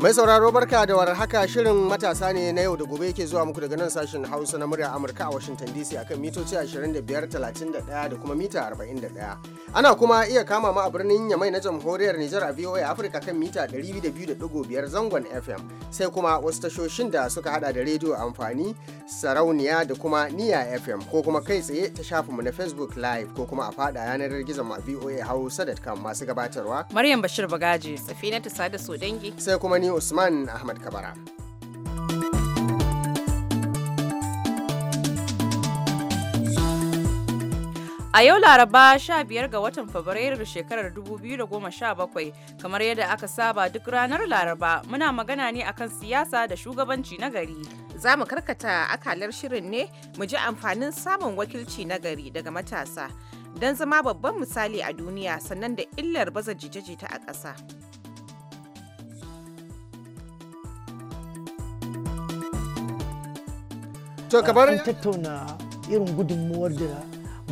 Mai sauraro barka da war haka shirin matasa ne na yau da gobe yake zuwa muku daga nan sashen Hausa na murya Amurka a Washington DC akan mitoci 25,31 da kuma mita 41. Ana kuma iya kama ma a birnin Yamai na jamhuriyar Nijar a VOA afirka kan mita 200.5 zangon FM sai kuma wasu tashoshin da suka hada da rediyo amfani sarauniya da kuma niya FM ko kuma kai tsaye ta mu na Facebook Live ko kuma a fada yanar gizon ma VOA Hausa.com masu gabatarwa. Maryam Bashir Bagaji. Safina sada da Sodengi. Sai kuma ni ni usman ahmad kabara A yau Laraba 15 ga watan Fabrairu shekarar 2017 kamar yadda aka saba duk ranar Laraba muna magana ne akan siyasa da shugabanci nagari. gari. Za mu karkata akalar shirin ne mu ji amfanin samun wakilci nagari daga matasa don zama babban misali a duniya sannan da illar baza jita-jita a ƙasa. to kamar an tattauna irin gudunmuwar da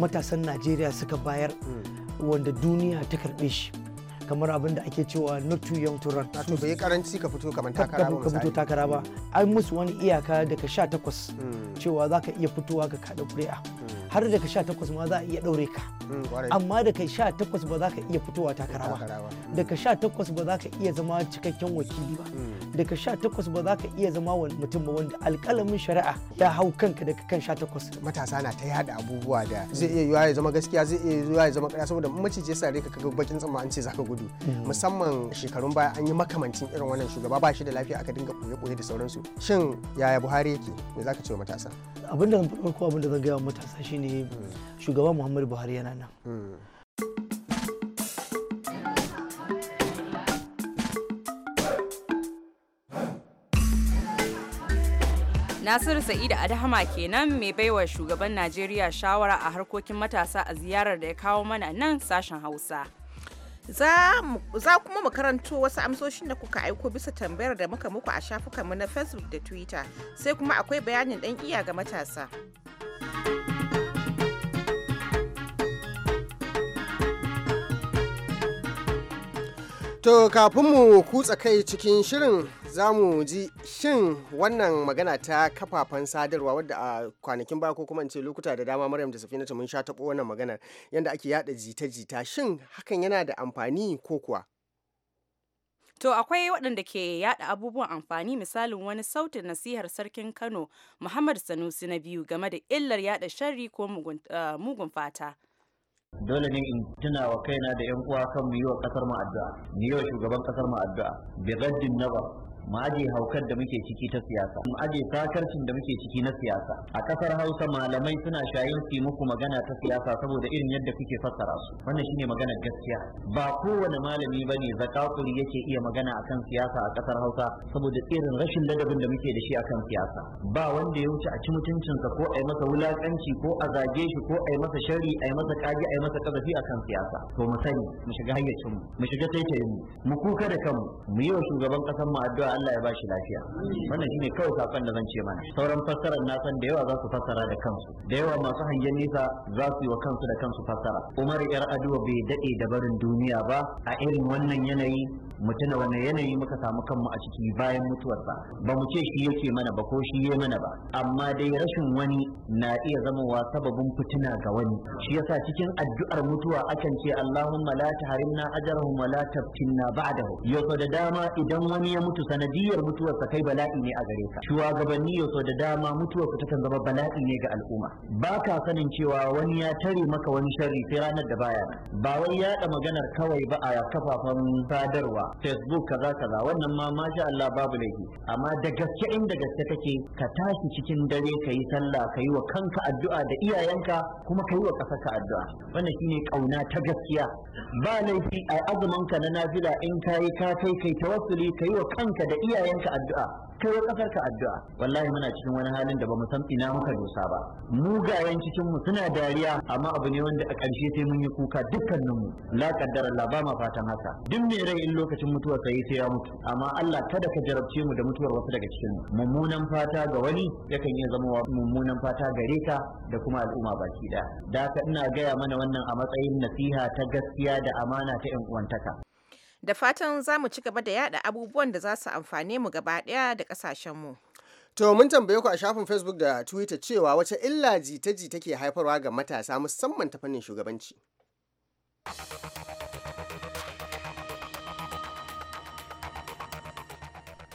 matasan Najeriya suka bayar hmm. wanda duniya ta karbe shi kamar abin da ake cewa not too young to run. to bai karanci ka fito kamar takara ba. Ka fito takara ba. An musu wani iyaka daga 18 hmm. cewa zaka iya fitowa ka kada kuri'a. Hmm. har da ka takwas ma za a iya ɗaure ka mm, amma da ka takwas ba za ka iya fitowa takara ba da ka takwas ba za ka iya zama cikakken wakili ba mm. da ka takwas ba za ka iya zama mutum ba wanda alƙalamin shari'a ya hau kanka da kan sha takwas. matasa na ta yada abubuwa da zai iya yiwa ya zama gaskiya zai iya yiwa ya zama ƙarya saboda macije sare ka kaga bakin tsamma an ce zaka gudu mm. musamman shekarun baya an yi makamancin irin wannan shugaba ba shi da lafiya aka dinga koye-koye da sauransu shin yaya Buhari yake me zaka ce wa matasa abin da zan farko abin da zan gaya wa matasa shine ne shugaba muhammadu buhari yana nan Nasiru Sa'idu Adahama kenan mai baiwa shugaban Najeriya shawara a harkokin matasa a ziyarar da ya kawo mana nan sashen Hausa. Za kuma mu karanto wasu amsoshin da kuka aiko bisa tambayar da muka muku a shafukanmu na Facebook da Twitter, sai kuma akwai bayanin ɗan iya ga matasa. To kafin mu kutsa kai cikin shirin za mu ji shin wannan magana ta kafafen sadarwa wadda a kwanakin ba ko kuma in ce lokuta da dama Maryam da Safina mun sha taɓo wannan magana yadda ake yada jita-jita shin hakan yana da amfani ko kuwa? To akwai waɗanda ke yada abubuwan amfani misalin wani sautin nasihar sarkin Kano Muhammad Sanusi na biyu game da illar yada sharri ko mugun eh, fata. dole ne in tuna wa kaina da yan uwa kan mu yi wa kasar mu addu'a mu yi shugaban kasar mu addu'a bi gaddin nazar mu aje haukar da muke ciki ta siyasa mu aje sakarcin da muke ciki na siyasa a kasar Hausa malamai suna shayin su muku magana ta siyasa saboda irin yadda kuke fassara su wannan shine magana gaskiya ba kowane malami bane zakakuri yake iya magana akan siyasa a kasar Hausa saboda irin rashin ladabin da muke da shi akan siyasa ba wanda ya wuce a ci mutuncinsa ko a yi masa wulakanci ko a zage shi ko a yi masa shari a yi masa kaji a yi masa kazafi akan siyasa to mu sani mu shiga hayyacin mu shiga taitayin mu kuka da kanmu mu yi wa shugaban kasar mu addu'a Allah ya bashi lafiya wannan shine kawai sakon da zan ce mana sauran fassarar na san da yawa za su fassara da kansu da yawa masu hangen nisa za su yi wa kansu da kansu fassara Umar yar Aduwa bai dade da barin duniya ba a irin wannan yanayi mu tuna wani yanayi muka samu kanmu a ciki bayan mutuwarsa ba mu ce shi yake mana ba ko shi ya mana ba amma dai rashin wani na iya zamowa sababin fitina ga wani shi yasa cikin addu'ar mutuwa akan ce Allahumma la tahrimna ajrahum wa la taftinna ba'dahu yoso da dama idan wani ya mutu sanadiyar mutuwarsa kai bala'i ne a gare ka shugabanni yoso da dama mutuwar ta kan zama bala'i ne ga al'umma ba ka sanin cewa wani ya tare maka wani sharri sai ranar da baya ba wai yaɗa maganar kawai ba a kafafen sadarwa facebook kaza kaza wannan ma masha Allah babu laifi amma da gaske inda gaske kake ka tashi cikin dare ka yi sallah ka yi wa kanka addu'a da iyayenka kuma ka yi wa ƙasarka addu'a wannan shine kauna ta gaskiya ba laifi a azumin ka na nafila in ka yi ka kai kai tawassuli ka yi wa kanka da iyayenka addu'a kai wa kasar ka addu'a wallahi muna cikin wani halin da ba mu san ina muka dosa ba mugayen cikin mu suna dariya amma abu ne wanda a ƙarshe sai mun yi kuka dukkanin mu la kaddara Allah ba ma fatan haka duk mai rai in lokacin mutuwa sai sai ya mutu amma Allah kada ka jarabce mu da mutuwar wasu daga cikin mu mummunan fata ga wani yakan iya zama mummunan fata gare ka da kuma al'umma baki daya da haka ina gaya mana wannan a matsayin nasiha ta gaskiya da amana ta 'yan uwantaka Da fatan za mu ci gaba da yada abubuwan da za su amfane mu gaba ɗaya da mu To mun tambaye ku a shafin Facebook da Twitter cewa wace illa jita take haifarwa ga matasa musamman ta fannin shugabanci.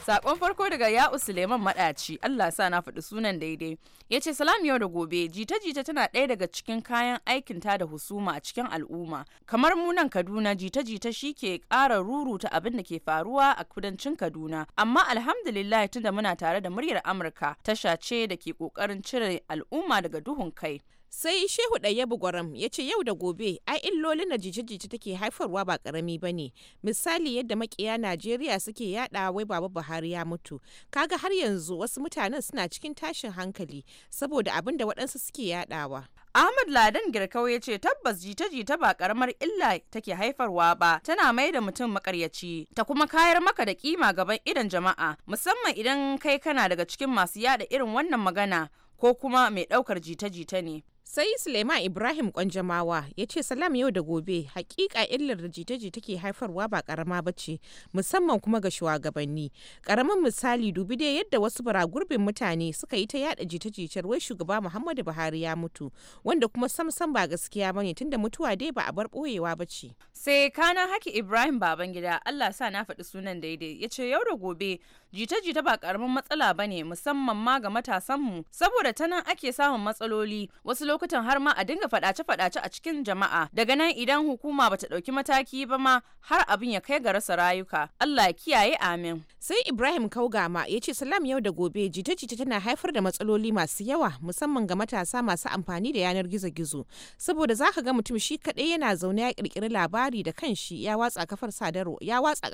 Sakon farko daga Ya'u Suleiman Madaci, Allah sa na faɗi sunan daidai. Ya ce salam yau da gobe, jita-jita tana ɗaya daga cikin kayan aikin ta da husuma a cikin al'umma. Kamar munan Kaduna, jita-jita shi ke ƙara ruruta abin da ke faruwa a kudancin Kaduna. Amma alhamdulillah tunda muna tare da muryar Amurka, tasha ce da ke ƙoƙarin cire al'umma daga duhun kai. sai shehu ɗayyabu gwaram ya ce yau da gobe ai illolin da jijijiji take haifarwa ba karami ba ne misali yadda makiya najeriya suke yada wai baba buhari ya mutu kaga har yanzu wasu mutanen suna cikin tashin hankali saboda abin da waɗansu suke yaɗawa. Ahmad Ladan Girkau ya ce tabbas jita-jita ba karamar illa take haifarwa ba tana mai da mutum makaryaci ta kuma kayar maka da kima gaban idan jama'a musamman idan kai kana daga cikin masu yada irin wannan magana ko kuma mai ɗaukar jita-jita ne sai suleiman ibrahim kwanjamawa ya ce salam yau da gobe hakika illar da jita-jita ke haifarwa ba karama ba ce musamman kuma ga shugabanni karamin misali dubi dai yadda wasu baragurbin mutane suka yi ta yada jita-jitar wai shugaba muhammadu buhari ya mutu wanda kuma samsam ba gaskiya ba ne tunda mutuwa dai ba a bar boyewa ba ce sai kana haki ibrahim babangida allah sa na faɗi sunan daidai ya ce yau da gobe jita-jita ba karamin matsala ba ne musamman ma ga matasanmu saboda ta nan ake samun matsaloli wasu lokutan har ma a dinga fadace-fadace a cikin jama'a daga nan idan hukuma bata ɗauki mataki ba ma har abin ya kai ga rasa rayuka Allah ya kiyaye amin sai Ibrahim Kaugama ya ce salam yau da gobe jita-jita tana haifar da matsaloli masu yawa musamman ga matasa masu amfani da yanar gizo-gizo saboda zaka ga mutum shi kaɗai yana zaune ya kirkiri labari da kanshi ya watsa kafar sadarwa ya watsa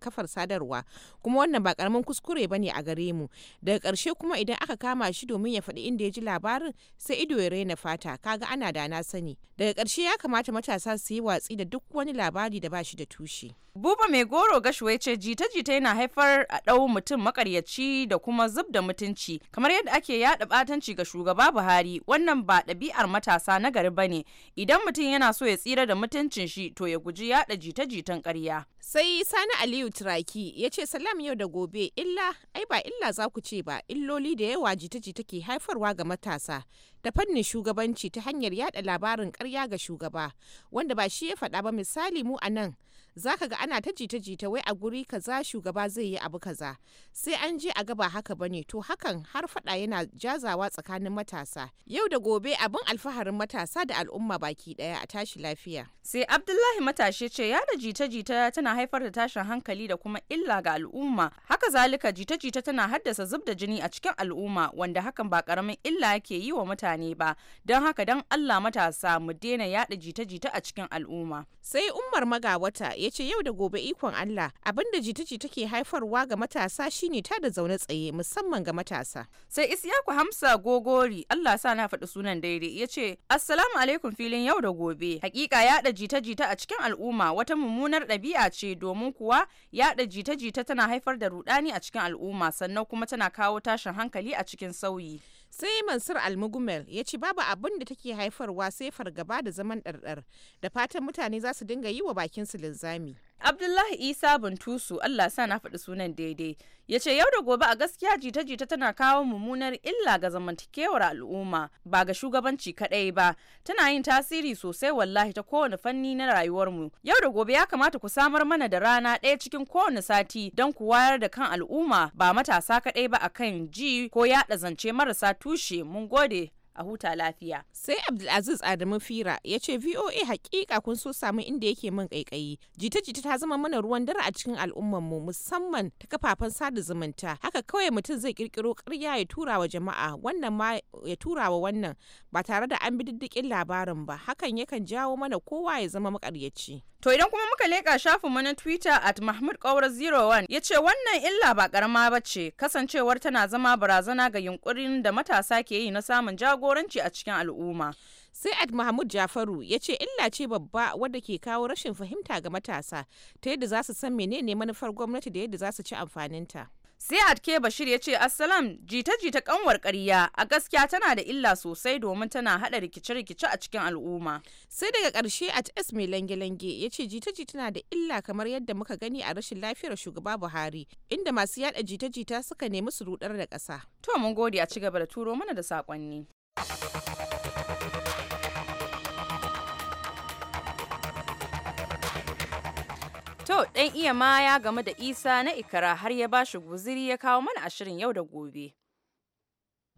kafar sadarwa kuma wannan ba karamin neman kuskure ba ne a gare mu daga karshe kuma idan aka kama shi domin ya faɗi inda ya ji labarin sai ido ya raina fata kaga ana da na sani daga karshe ya kamata matasa su yi watsi da duk wani labari da ba shi da tushe. buba mai goro gashuwa ce jita-jita yana haifar a ɗau mutum makaryaci da kuma zub da mutunci kamar yadda ake yaɗa ɓatanci ga shugaba buhari wannan ba ɗabi'ar matasa na gari ba ne idan mutum yana so ya tsira da mutuncin shi to ya guji yaɗa jita-jitan karya. sai sani aliyu turaki ya ce salam yau da gobe illa ai ba illa za ku ce ba illoli da yawa jita-jita ke haifarwa ga matasa ta fannin shugabanci ta hanyar yada labarin karya ga shugaba wanda ba shi ya faɗa ba misali mu a nan za ka ga ana ta jita-jita wai a guri kaza shugaba zai yi abu kaza sai an je a gaba haka bane to hakan har fada yana jazawa tsakanin matasa yau da gobe abin alfaharin matasa da al'umma baki daya a tashi lafiya sai abdullahi matashi ce yada jita-jita tana haifar da tashin hankali da kuma illa ga al'umma haka zalika jita-jita tana haddasa zub da jini a cikin al'umma wanda hakan ba karamin illa yake yi wa mutane ba don haka don allah matasa mu daina yada jita-jita a cikin al'umma sai umar magawata ya ya ce yau da gobe ikon Allah abin da jita-jita ke haifarwa ga matasa shine ta da zaune tsaye musamman ga matasa. Sai Isyaku Hamsa Gogori Allah sa na faɗi sunan daidai ya ce Assalamu alaikum filin yau da gobe. Hakika yaɗa jita-jita a cikin al'umma wata mummunar ɗabi'a ce domin kuwa yaɗa jita-jita tana haifar da rudani a cikin al'umma sannan kuma tana kawo tashin hankali a cikin sauyi. sai mansur almugumel ya ce babu abin da take haifarwa sai fargaba da zaman ɗarɗar da fatan mutane za su dinga yi wa bakinsu linzami Abdullahi Isa bintusu Allah sa na faɗi sunan daidai ya ce yau da gobe a gaskiya jita-jita tana kawo mummunar illa ga zamantakewar al'umma ba ga shugabanci kaɗai ba tana yin tasiri sosai wallahi ta kowane fanni na rayuwarmu yau da gobe ya kamata ku samar mana da rana ɗaya cikin kowane sati don ku wayar da kan al'umma ba matasa kaɗai ba akan ji ko yaɗa zance marasa tushe mun gode a huta lafiya. Sai Abdulaziz Adamu Fira ya ce VOA hakika kun so samu inda yake min kaikayi. Jita-jita ta zama mana ruwan dare a cikin al'ummar mu musamman ta kafafen sada zumunta. Haka kawai mutum zai kirkiro ƙarya ya tura wa jama'a wannan ma ya tura wa wannan ba tare da an bi diddikin labarin ba. Hakan yakan jawo mana kowa ya zama makaryaci. To idan kuma muka leƙa shafinmu na Twitter at Mahmud Kaura 01 ya ce wannan illa ba karama ba ce kasancewar tana zama barazana ga yunkurin da matasa ke yi na samun jagoranci a cikin al'umma. Sai at Mahmud Jafaru ya ce illa ce babba wadda ke kawo rashin fahimta ga matasa ta yadda za su san menene manufar gwamnati da yadda za su ci amfaninta. sai adke Bashir ya ce Assalam jita-jita kanwar karya a gaskiya tana da illa sosai domin tana hada rikice-rikice a cikin al'umma. Sai daga ƙarshe at S mai lange-lange ya ce jita-jita na da illa kamar yadda muka gani a rashin lafiyar shugaba Buhari inda masu yada jita-jita suka nemi su rudar da ƙasa. To mun gode a ci gaba da turo mana da saƙonni. Yau ɗan iya ma ya game da Isa na Ikara har ya ba shi guziri ya kawo mana a shirin yau da gobe.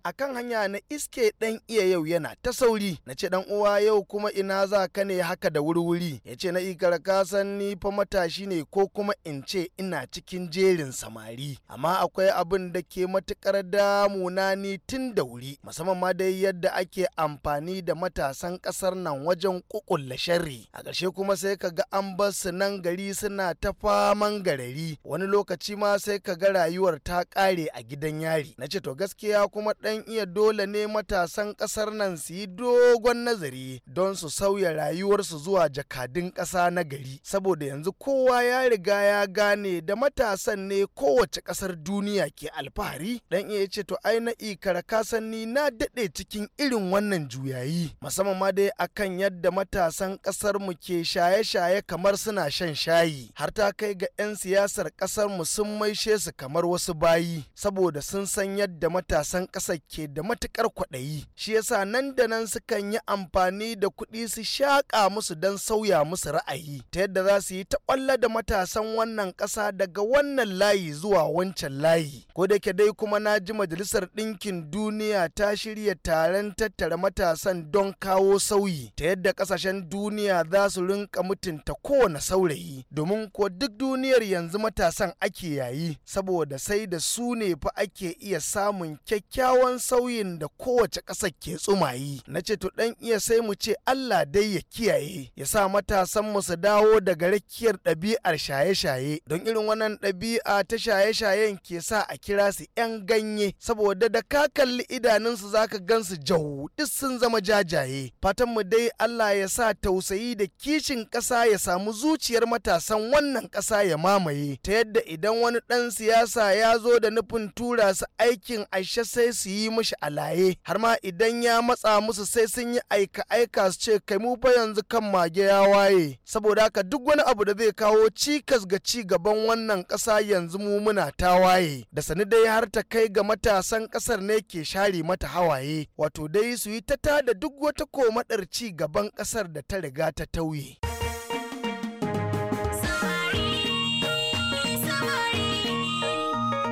akan hanya na iske ɗan iya yau yana ta sauri na ce ɗan uwa yau kuma ina za ka ne haka da wurwuri ya ce na ikar kasan ni fa matashi ne ko kuma in ce ina cikin jerin samari amma akwai abin da ke matukar damuna ni tun da wuri musamman ma dai yadda ake amfani da matasan ƙasar nan wajen kukulla sharri a ƙarshe kuma sai ka ga an bar su nan gari suna ta faman garari wani lokaci ma sai ka ga rayuwar ta ƙare a gidan yari na ce to gaskiya kuma ɗaya ɗan iya dole ne matasan ƙasar nan su yi dogon nazari don su sauya rayuwarsu zuwa jakadin ƙasa na gari saboda yanzu kowa ya riga ya gane da matasan ne kowace ƙasar duniya ke alfahari ɗan iya ce to ai na ikara kasanni na daɗe cikin irin wannan juyayi musamman ma dai akan yadda matasan ƙasar mu ke shaye-shaye kamar suna shan shayi har ta kai ga 'yan siyasar ƙasar mu sun maishe su kamar wasu bayi saboda sun san yadda matasan ƙasar ke da matukar kwaɗayi shi yasa nan da nan sukan yi amfani da kuɗi su shaƙa musu don sauya musu ra'ayi ta yadda za su yi ta da matasan wannan ƙasa daga wannan layi zuwa wancan layi ko da ke dai kuma na ji majalisar ɗinkin duniya ta shirya taron tattara matasan don kawo sauyi ta yadda ƙasashen duniya za su rinka mutunta kowane saurayi domin ko duk duniyar yanzu matasan ake yayi saboda sai da su ne fa ake iya samun kyakkyawan sakamakon sauyin da kowace ƙasa ke tsumayi na ce to dan iya sai mu ce Allah dai ya kiyaye ya sa matasan mu su dawo daga rakiyar ɗabi'ar shaye-shaye don irin wannan ɗabi'a ta shaye-shayen ke sa a kira su 'yan ganye saboda da ka kalli idanunsu zaka su jau duk sun zama jajaye fatan mu dai Allah ya sa tausayi da kishin ƙasa ya samu zuciyar matasan wannan ƙasa ya mamaye ta yadda idan wani ɗan siyasa ya zo da nufin tura su aikin aisha sai su yi yi mishi alaye har ma idan ya matsa musu sai sun yi aika aika su ce kai mu fa yanzu kan mage ya waye saboda haka duk wani abu da zai kawo cikas ga ci gaban wannan ƙasa yanzu mu muna ta waye da sani dai har ta kai ga matasan ƙasar ne ke share mata hawaye wato dai su yi ta tada duk wata komadar ci gaban ƙasar da ta riga ta tauye.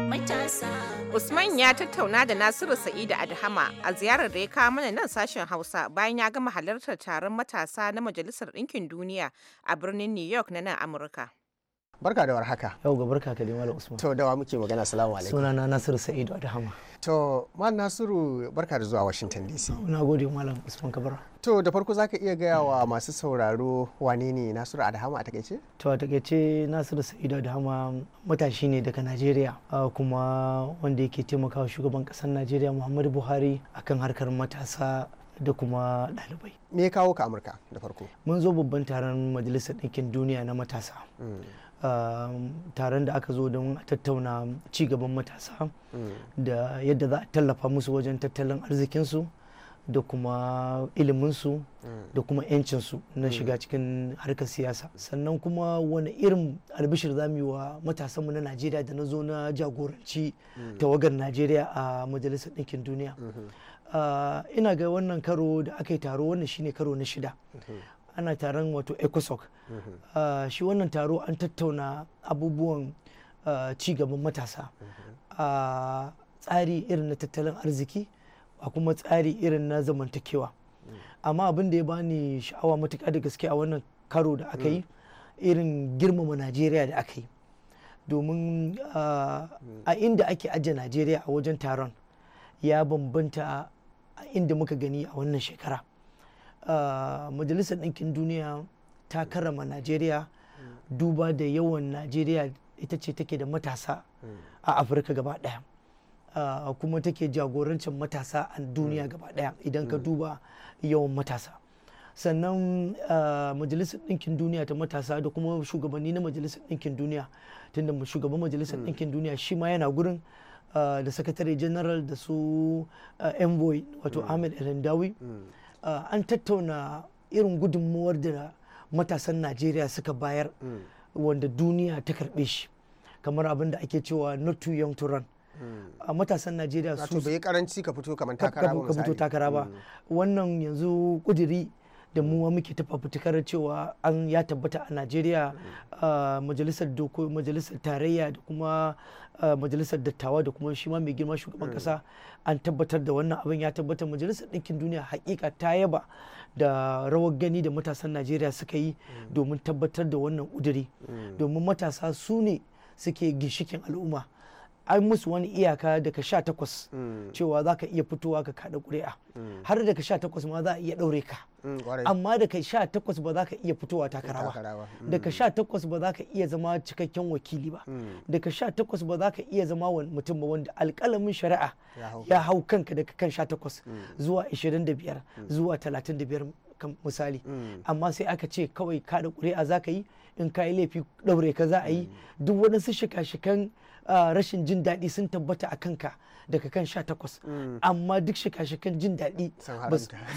matasa. Usman ya tattauna da Nasiru Sa'idu Adhama a ziyarar da ya kawo mana nan sashen Hausa bayan ya gama halartar taron matasa na Majalisar Ɗinkin Duniya a birnin New York na nan Amurka. barka da warhaka yau ga barka ka malam usman to dawa muke magana assalamu alaikum sunana nasiru sa'idu adahama to mal nasiru barka da zuwa washington dc na gode malam usman kabara to da farko zaka iya gaya wa masu sauraro wane ne nasiru adahama a takaice to a takaice nasiru sa'idu adahama matashi ne daga najeriya kuma wanda yake taimakawa shugaban kasar najeriya muhammadu buhari akan harkar matasa da kuma ɗalibai. Me ya kawo ka Amurka da farko? Mun zo babban taron Majalisar Ɗinkin Duniya na matasa. Mm. Um, taron da aka zo don tattauna cigaban matasa hmm. da yadda za a tallafa musu wajen tattalin arzikinsu da kuma iliminsu hmm. da kuma 'yancinsu na hmm. shiga cikin harkar siyasa sannan kuma wani irin albishir za mu yi wa matasanmu na najeriya da na zo na jagoranci tawagar najeriya a majalisar ɗinkin duniya uh, ina ga wannan karo da aka yi taro wannan shine karo na shida ana taron wato ecosoc mm-hmm. ah, shi wannan taro an tattauna abubuwan ah, ci gaban matasa mm-hmm. a ah, tsari irin na tattalin arziki a kuma tsari irin na zamantakewa mm. amma abin da ya bani sha'awa matuƙa da gaske a wannan karo da aka yi mm. irin girmama najeriya da aka yi domin a mm. inda ake ajiye najeriya a wajen taron ya bambanta a inda muka gani a wannan shekara Ah, majalisar ɗinkin duniya ta karrama najeriya duba da yawan najeriya ita ce take da matasa a afirka gaba ɗaya ah, kuma take jagorancin matasa a duniya gaba ɗaya idan ka duba yawan matasa sannan ah, majalisar ɗinkin duniya ta matasa da kuma shugabanni na majalisar ɗinkin duniya tunda shugaban majalisar ɗinkin duniya shi ma yana gurin da sakatare general da su envoy wato ahmed elendawi Eh, an tattauna irin gudunmuwar da matasan najeriya suka bayar mm. wanda duniya ta karbe shi kamar abin da ake cewa not too young to run a mm. eh, matasan najeriya su bai karanci ka fito kamar ka fito takara ba mm. wannan yanzu kudiri da mu muke tafa cewa an ya tabbata a najeriya uh, majalisar doko majalisar tarayya da kuma uh, majalisar dattawa da kuma shi mai girma shugaban kasa an tabbatar da wannan abin ya tabbata majalisar ɗinkin duniya hakika ta yaba da rawar gani da matasan najeriya suka yi domin tabbatar da wannan udiri mm. domin matasa su ne suke ginshikin al'umma an musu wani iyaka daga sha takwas mm. cewa za ka iya fitowa ka kaɗa ƙuri'a mm. har daga sha takwas ma za a iya ɗaure ka mm, amma daga sha takwas ba za ka iya fitowa takara ba daga sha takwas ba za ka iya zama cikakken wakili ba daga sha takwas ba za ka iya zama mutum ba wanda alƙalamin shari'a ya hau kanka daga kan sha takwas zuwa ishirin da biyar zuwa talatin da biyar misali amma sai aka ce kawai kaɗa ƙuri'a za ka yi in ka yi laifi ɗaure ka za a yi duk waɗansu shika-shikan Ah, rashin jin daɗi sun tabbata a kanka daga kan sha takwas mm. amma duk shika-shikan jin daɗi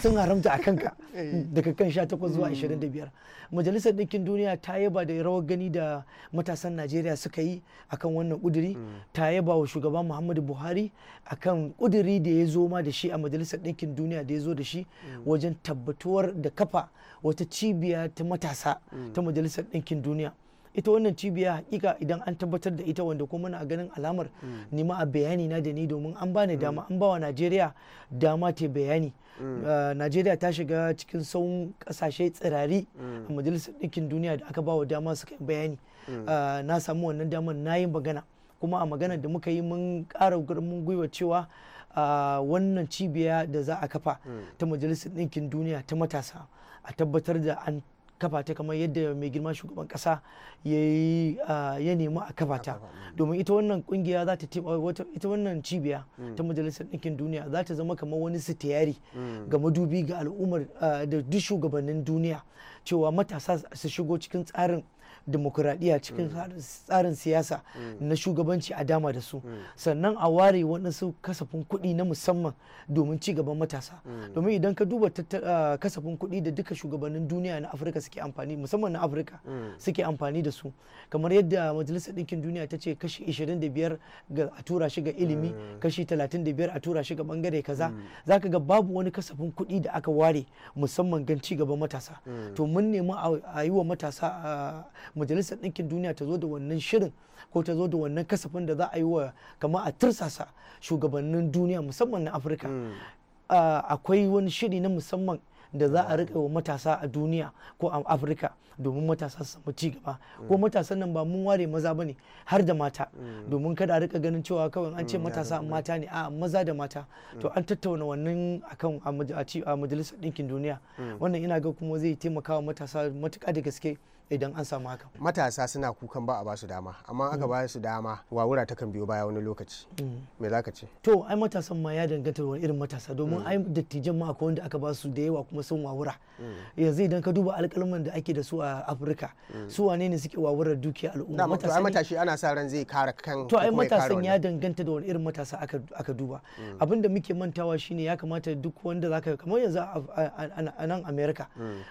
sun haramta a kanka eh. daga kan sha takwas zuwa mm. ashirin da biyar majalisar ɗinkin duniya ta yaba da rawar gani da matasan najeriya suka yi akan wannan ƙuduri mm. ta yaba wa shugaban muhammadu buhari akan ƙuduri da ya zo ma da shi a majalisar ɗinkin duniya da ya zo da shi wajen tabbatuwar da kafa wata cibiya ta matasa ta majalisar ɗinkin duniya ita wannan cibiya hakika idan an tabbatar da ita wanda kuma muna ganin alamar mm. nima a bayani na da ni domin an bani mm. dama an bawa Najeriya dama ta bayani mm. uh, Najeriya ta shiga cikin sauran kasashe tsirari a majalisar ɗinkin duniya da aka bawa dama suka bayani uh, na samu wannan daman na yi magana kuma a maganar da muka yi mun ƙara mun gwiwa cewa uh, wannan cibiya da za a kafa ta majalisar ɗinkin duniya ta matasa a tabbatar da an kafa kamar yadda mai girma shugaban kasa ya nemi a kafa mm. domin ita wannan kungiya za ta ita wannan cibiya mm. ta majalisar ɗinkin duniya za ta zama kamar wani sitiyari mm. ga madubi ga al'ummar da duk shugabannin duniya cewa matasa su shigo cikin tsarin demokuraɗiyya cikin mm. tsarin siyasa mm. na shugabanci a dama da su mm. sannan a ware waɗansu kasafin kuɗi na musamman domin ci gaban matasa domin idan ka duba kasafin kuɗi da duka shugabannin duniya na afirka suke amfani musamman na afirka suke amfani da su kamar yadda majalisar ɗinkin duniya ta ce kashi 25 ga a tura shi ga ilimi kashi 35 a tura shi ga bangare kaza za ka ga babu wani kasafin kuɗi da aka ware musamman gan ci gaban matasa to mun nemi a yi wa matasa majalisar ɗinkin duniya ta zo da wannan shirin ko ta zo da wannan kasafin da za a yi wa kama a tursasa shugabannin duniya musamman na afirka hmm. akwai wani shiri na musamman da za a riƙa wa matasa a duniya ko a afirka domin matasa su samu ci gaba hmm. ko matasan nan ba mun ware maza bane har da mata hmm. domin kada a riƙa ganin cewa kawai an ce matasa mata ne a maza da mata to an tattauna wannan akan a majalisar ɗinkin duniya wannan ina ga kuma zai taimaka wa matasa matuƙa da gaske idan an samu haka matasa suna kukan ba a ba su dama amma aka mm. ba su dama wawura ta kan biyo baya wani lokaci mm. me za ka ce to ai matasan ma ya danganta wani irin matasa domin mm. ai dattijan ma akwai wanda aka ba su da yawa kuma sun wawura yanzu idan ka duba alƙalman da ake da su a afirka su wane ne suke wawurar dukiya al'umma matasa ai matashi ana sa ran zai kare kan to ai matasan ya danganta da wani irin matasa aka duba abinda muke mantawa shine ya kamata duk wanda zaka kamar yanzu a nan america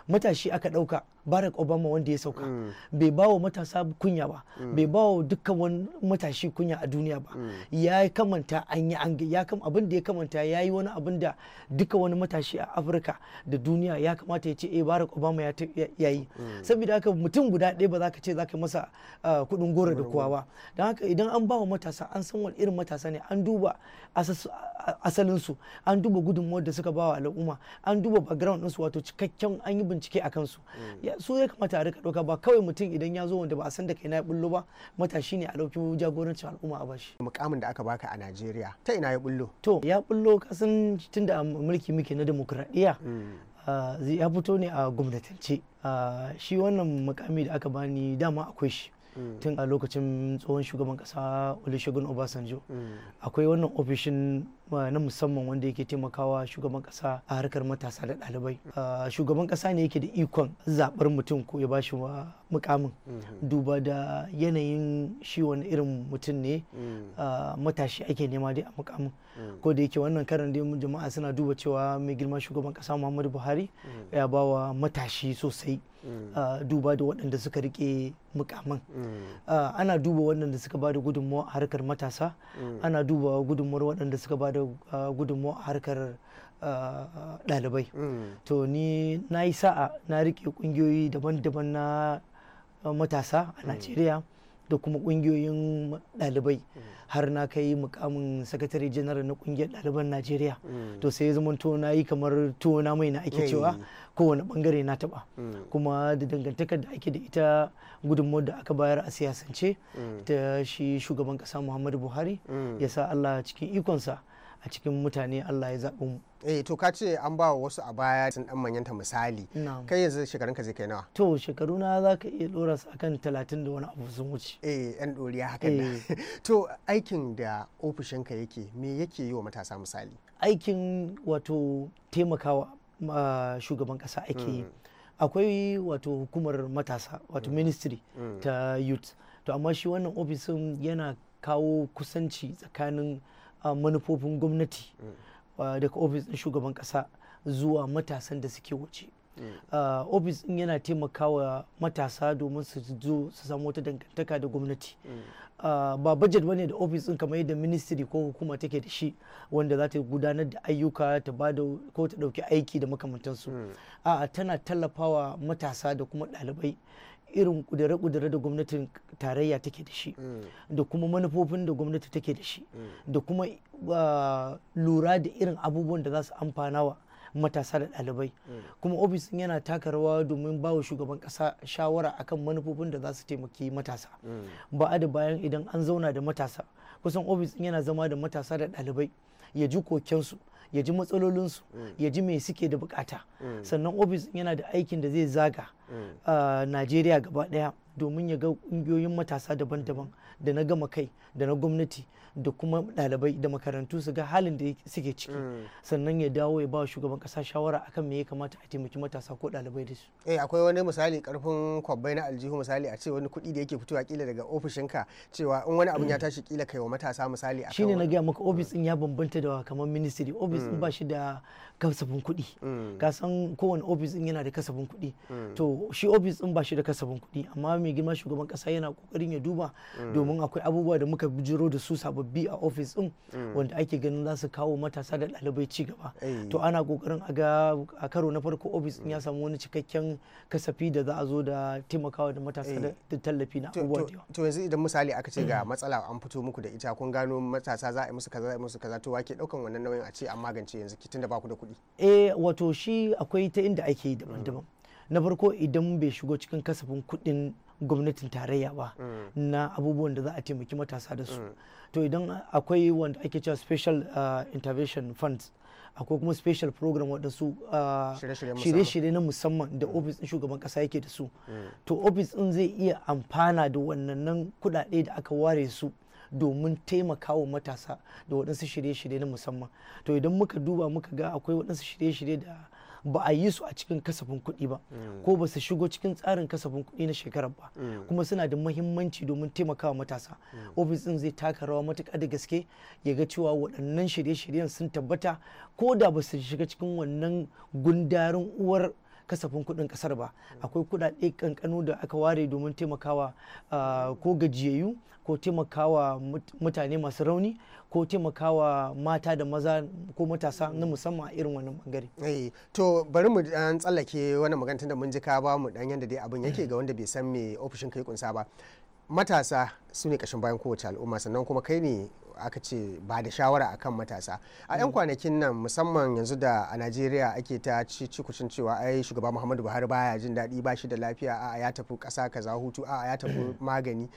matashi aka dauka barack obama wanda ya sauka mm. bai bawa matasa kunya ba mm. bai bawa dukkan wani matashi kunya a duniya ba mm. ya kamanta an yi an ya kam abin da ya kamanta ya yi wani abin da duka wani matashi a Afirka da duniya ya kamata ya ce eh barak Obama ya yi saboda haka mutum guda ɗaya ba za ka ce za ka masa ah, kuɗin goro da kowa ba don haka idan an bawa matasa an san wani irin matasa ne an duba asalinsu an duba gudunmuwar da suka bawa al'umma an duba background ɗinsu wato cikakken an yi bincike a kansu su ya kamata a rika ɗauka ba kawai mutum idan ya zo wanda ba a san da kai na ya bullo ba matashi ne a ɗauki jagorancin al'umma a bashi mukamin da aka baka a Najeriya ta ina ya bullo to ya bullo kasan da mulki muke na demokradiyya mm. ah, ya fito ne a gwamnatance ah, shi wannan mukami da aka bani dama akwai shi mm. tun a lokacin tsohon shugaban kasa olusegun obasanjo mm. akwai wannan ofishin na musamman wanda yake taimakawa shugaban kasa a harkar matasa da ɗalibai shugaban kasa ne yake da ikon zaɓar mutum ko ya ba shi mukamin mhm. duba da yanayin shi wani irin mutum ne mm. matashi ake nema dai a mukamin mm. ko da yake wannan karan dai jama'a suna duba cewa mai girma shugaban kasa muhammadu buhari mm. ya ba wa matashi sosai duba da waɗanda suka rike mukamin ana duba waɗanda suka ba da gudunmawa a harkar matasa ana duba gudunmawar waɗanda suka ba da da uh, a harkar uh, uh, ɗalibai hmm. to ni na yi sa'a na riƙe ƙungiyoyi daban-daban na matasa a hmm. najeriya da kuma ƙungiyoyin ɗalibai hmm. har na kai mukamin sakatare janaral na ƙungiyar ɗaliban najeriya to sai ya zama na yi kamar tuwo na mai na ake cewa kowane ɓangare na taɓa kuma da dangantakar da ake da ita gudunmawar da aka bayar a siyasance ta shi shugaban ƙasa muhammadu buhari ya sa allah cikin ikonsa a cikin mutane Allah ya zaɓi mu. Eh to ka ce an ba wasu a baya sun dan manyanta misali. Kai yanzu shekarun ka zai kai nawa? To shekaru na za ka iya dora su akan talatin da wani abu sun wuce. Eh yan doriya hakan da. Eh. To aikin da ofishin ka yake me yake yi wa matasa misali? Aikin wato taimakawa shugaban kasa ake yi. Hmm. Akwai wato hukumar matasa wato hmm. ministry hmm. ta youth. To amma shi wannan ofisin yana kawo kusanci tsakanin manufofin gwamnati mm. uh, daga ofis ɗin shugaban ƙasa zuwa matasan da suke wuce mm. uh, ofis ɗin yana taimakawa matasa domin su zo su samu wata dangantaka da gwamnati mm. uh, ba budget bane da ofis ɗin kamar yadda ministry ko hukuma take da shi wanda za ta gudanar da ayyuka ta ba ko ta ɗauki aiki da makamantansu a tana tallafawa matasa da kuma ɗalibai irin kudure-kudure da gwamnatin tarayya take da shi mm. da kuma manufofin da gwamnati take da shi mm. da kuma lura da irin abubuwan da za su amfana wa matasa da ɗalibai mm. kuma ofis yana taka rawa domin ba wa shugaban ƙasa shawara akan manufofin da za su taimaki matasa ba a da bayan idan an zauna da matasa kusan ofis yana zama da matasa da ɗalibai ya ji kokensu ya ji matsalolinsu ya ji me suke da bukata mm. sannan ofis yana da aikin da zai zaga mm. a najeriya gaba daya domin ya ga kungiyoyin matasa daban-daban da na gama kai da na gwamnati da kuma ɗalibai da makarantu su ga halin da suke ciki mm. sannan ya dawo ya ba shugaban kasa shawara akan me ya kamata a taimaki matasa ko ɗalibai da su eh akwai wani misali karfin kwabbai na aljihu misali a ce wani kuɗi da yake fitowa kila daga ofishinka cewa in wani abun ya mm. tashi kila kai wa matasa misali Shi shine na gaya maka office din mm. ya bambanta da kamar ministry office din ba shi da kasafin kuɗi ka san kowane office din yana da kasafin kuɗi to shi office din ba shi da kasafin kuɗi amma mai girma shugaban kasa yana kokarin ya duba domin akwai abubuwa da muka bijiro da su sabon sababbi a ofis din mm. wanda ake ganin za su kawo matasa da ɗalibai ci gaba to ana kokarin a ga a karo na farko ofis din ya mm. samu wani cikakken kasafi da za a zo da taimakawa da matasa da tallafi na abubuwa da to yanzu idan misali aka ce ga mm. matsala an fito muku da ita kun gano matasa za a yi musu kaza za a yi musu kaza to wake daukan wannan nauyin a ce an magance yanzu tunda ba ku da kuɗi eh wato shi akwai ta inda ake yi daban-daban na farko idan bai shigo cikin kasafin kuɗin gwamnatin tarayya ba mm. na abubuwan da za a taimaki matasa da su mm. to idan akwai wanda ake cewa special uh, intervention funds akwai kuma special program waɗansu uh, shirye-shirye na musamman da mm. ofis ɗin shugaban ƙasa yake da su to ofis ɗin zai iya amfana da wannan kuɗaɗe da aka ware su domin taimakawa matasa da waɗansu shirye-shirye na musamman to idan muka duba muka ga akwai waɗansu shirye-shirye da ba a yi su a cikin kasafin kuɗi ba mm. ko ba su shigo cikin tsarin kasafin kuɗi na shekarar ba mm. kuma suna da muhimmanci domin taimakawa matasa mm. ofis ɗin zai taka rawa matuƙa da gaske ya ga cewa waɗannan shirye-shiryen sun tabbata ko da ba su shiga cikin wannan gundarin uwar kasafin kuɗin ƙasar ba akwai kuɗaɗe kankano da aka ware domin taimakawa ah, ko gajiyayyu ko taimakawa mutane masu rauni ko taimakawa mata da maza ko matasa na musamman a irin wannan bangare. Eh, to bari mu dan tsallake wannan magana da mun ji ka ba mu dan yanda dai abin yake ga wanda bai san me ofishin kai kunsa ba matasa su ne kashin bayan kowace al'umma sannan kuma kai ne aka ce ba da shawara akan matasa a 'yan mm. kwanakin nan musamman yanzu da a najeriya ake ta cikucin cewa ai shugaba muhammadu buhari baya jin daɗi ba shi da lafiya a ya tafi kasa kaza hutu a ya tafi magani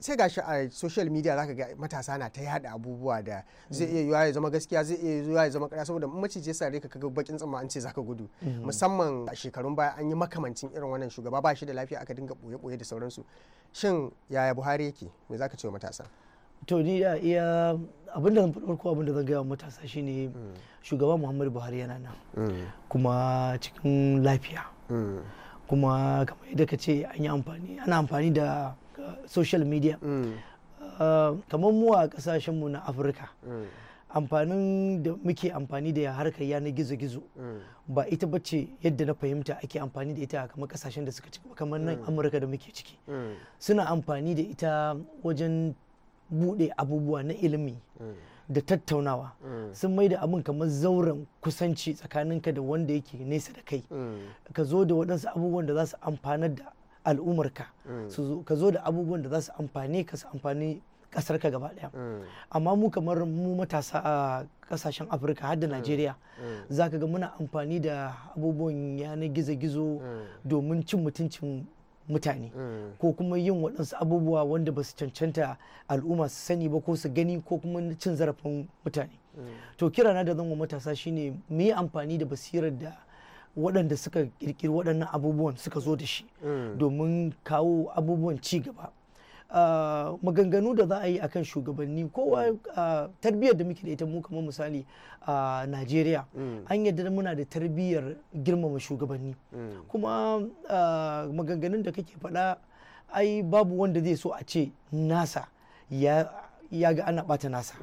sai shi a social media zaka ga matasa na ta yada abubuwa da zai iya yiwuwa ya zama gaskiya zai iya yiwuwa ya zama ƙarya saboda macije sare ka kaga bakin tsamma an ce zaka gudu mm-hmm. musamman a shekarun baya an yi makamancin irin wannan shugaba ba shi da lafiya aka dinga boye boye da sauransu shin yaya Buhari yake me zaka ce wa matasa to ni da iya abin da farko abin da zan gaya wa matasa shine mm. shugaba Muhammadu Buhari yana nan mm. kuma cikin lafiya mm. kuma kamar yadda ka ce an yi amfani ana amfani da social media mm. ah, kamar mu a kasashen mu na afirka mm. amfanin da muke amfani da harkar yanar gizo-gizo mm. ba ita bace yadda na fahimta ake amfani da ita a kamar kasashen da suka ci kamar nan amurka da muke ciki suna amfani da ita wajen bude abubuwa na ilimi da tattaunawa sun mai da abin kamar zauren kusanci tsakaninka da wanda yake nesa da kai ka zo da waɗansu abubuwan da za su amfanar da Mm. su ka zo da abubuwan da za su amfani ka su amfani kasar ka gaba ɗaya. Mm. amma mu kamar mu matasa a kasashen afirka har da mm. najeriya za ka ga muna amfani da abubuwan yanar gizo-gizo domin cin mutuncin mutane ko kuma yin waɗansu abubuwa wanda ba su cancanta al'umma su sani ba ko su gani ko kuma cin zarafin mutane to kirana da wa matasa shine mu yi amfani da basirar da waɗanda suka kirkiri waɗannan abubuwan suka zo da shi mm. domin kawo abubuwan ci gaba ah, maganganu da za a yi a kan shugabanni kowa ah, tarbiyyar da muke da ita mu kamar misali a Najeriya mm. an yadda muna da tarbiyyar girmama shugabanni mm. kuma ah, maganganun da kake faɗa ai babu wanda zai so a ce nasa ya, ga ana ɓata nasa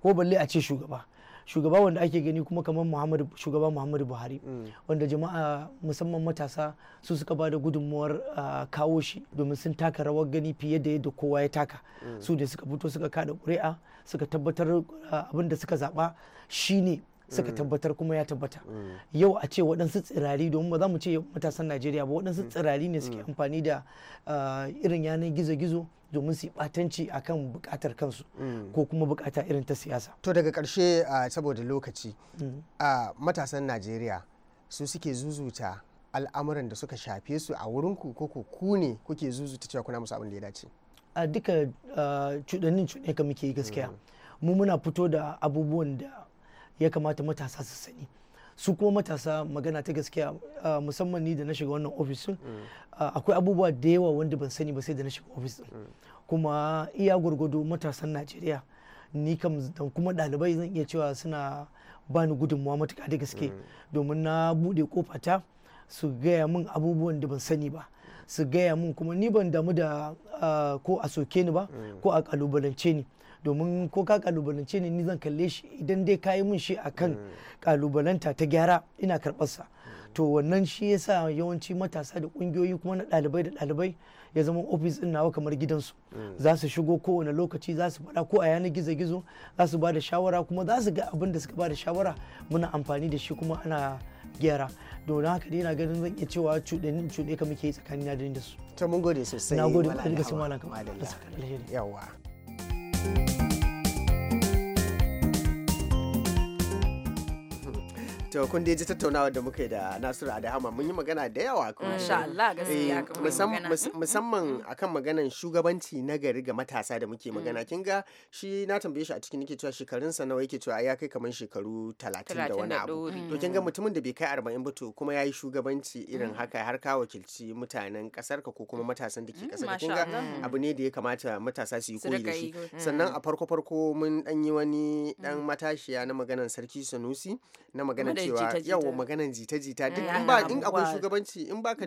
ko balle a ce shugaba shugaba wanda ake gani kuma kamar shugaba muhammadu buhari wanda jama'a musamman matasa su suka ba da gudunmuwar ah, kawo shi domin sun taka rawar gani fiye da yadda kowa ya taka su ne suka fito suka kada ƙuri'a suka tabbatar ah, abin da suka zaɓa shine suka mm. tabbatar kuma ya tabbata mm. yau a ce waɗansu tsirari domin ba za mu ce matasan najeriya ba waɗansu mm. tsirari ne suke amfani da ah, irin yanar gizo-gizo domin su yi a kan buƙatar kansu ko kuma buƙata irin ta siyasa to daga ƙarshe ah, saboda lokaci ah, matasan najeriya su suke zuzuta al'amuran da suka shafe su a wurinku ko ku ne kuke zuzuta cewa kuna musu abin da ya dace a duka cuɗannin cuɗe ka muke gaskiya mu muna fito da abubuwan da ya kamata matasa su sani su kuma matasa magana ta gaskiya musamman ni da na shiga wannan ofis mm. akwai abubuwa da yawa wanda ban sani ba sai da na shiga ofis mm. kuma iya gwargwado matasan najeriya ni kam kuma dalibai zan iya cewa suna bani gudunmawa matuka da gaske mm. domin na buɗe kofata su gaya min abubuwan da ban sani ba su gaya min kuma ni ban damu da ko a soke ni ba ko a kalubalance ni domin ko ka kalubalance ne ni zan kalle shi idan dai kayi yi mun shi a kan kalubalanta ta gyara ina karbarsa to wannan shi yasa yawanci matasa da ƙungiyoyi kuma na ɗalibai da ɗalibai ya zama ofis ɗin nawa kamar gidansu za su shigo kowane lokaci za su faɗa ko a yanar gizo gizo za su ba da shawara kuma za su ga abin da suka ba da shawara muna amfani da shi kuma ana gyara don haka dai na ganin zan iya cewa cuɗe cuɗe ka muke tsakanin da su. ta mun gode sosai na gode ga gaske malam kamar yawa. to kun dai ji tattaunawa da muka yi da Nasiru Adahama mun yi magana da yawa ko insha Allah gaskiya eh, musamman akan maganan shugabanci na gari ga matasa da muke magana mm. kin ga shi na tambaye shi a cikin nake cewa shekarun sa nawa yake cewa ya kai kamar shekaru 30 da wani abu to kin ga mm. mutumin da bai kai 40 ba to kuma yayi shugabanci irin mm. haka har ka wakilci mutanen kasar ka ko kuma matasan da ke kasar kin ga abu ne da ya kamata matasa su yi koyi da shi sannan a farko farko mun dan yi wani dan matashiya na maganan sarki Sanusi na maganan cewa yawa maganan jita-jita duk eh, in ba in akwai shugabanci in baka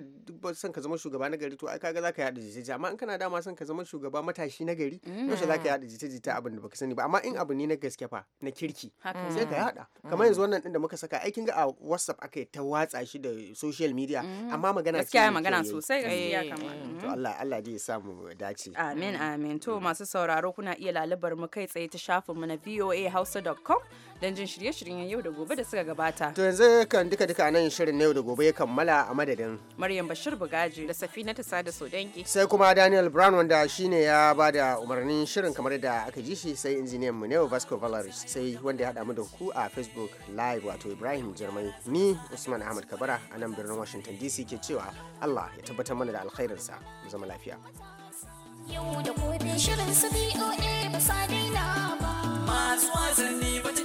son ka zama shugaba na gari to ai kaga zaka yada jita-jita amma in kana dama son ka zama shugaba matashi na gari mm. yaushe zaka yada eh. jita-jita abin da baka sani ba amma in abu ne na gaske fa na kirki sai ka yada mm. kamar yanzu wannan din da muka saka aikin ga a WhatsApp aka ta watsa shi da social media mm. amma magana gaskiya magana sosai gaskiya eh, kamar to mm-hmm. Allah Allah dai ya mu dace amin amin to masu sauraro kuna iya lalubar mu kai tsaye ta shafin mu na voahausa.com don jin shirye-shiryen yau da gobe da suka gabata To yanzu kan duka duka nan shirin na yau da gobe ya kammala a madadin. Maryam Bashir Bugaji da Safina ta sada dangi. Sai kuma Daniel Brown wanda shine ya ba da umarnin shirin kamar da aka ji shi sai injiniyan mu Neo Vasco Valaris sai wanda ya hada mu da ku a Facebook Live wato Ibrahim Jirmai ni Usman Ahmad Kabara a nan birnin Washington DC ke cewa Allah ya tabbatar mana da sa mu zama lafiya. Yau da gobe shirin su BOA ba sa daina ba. Masu wasanni ba ta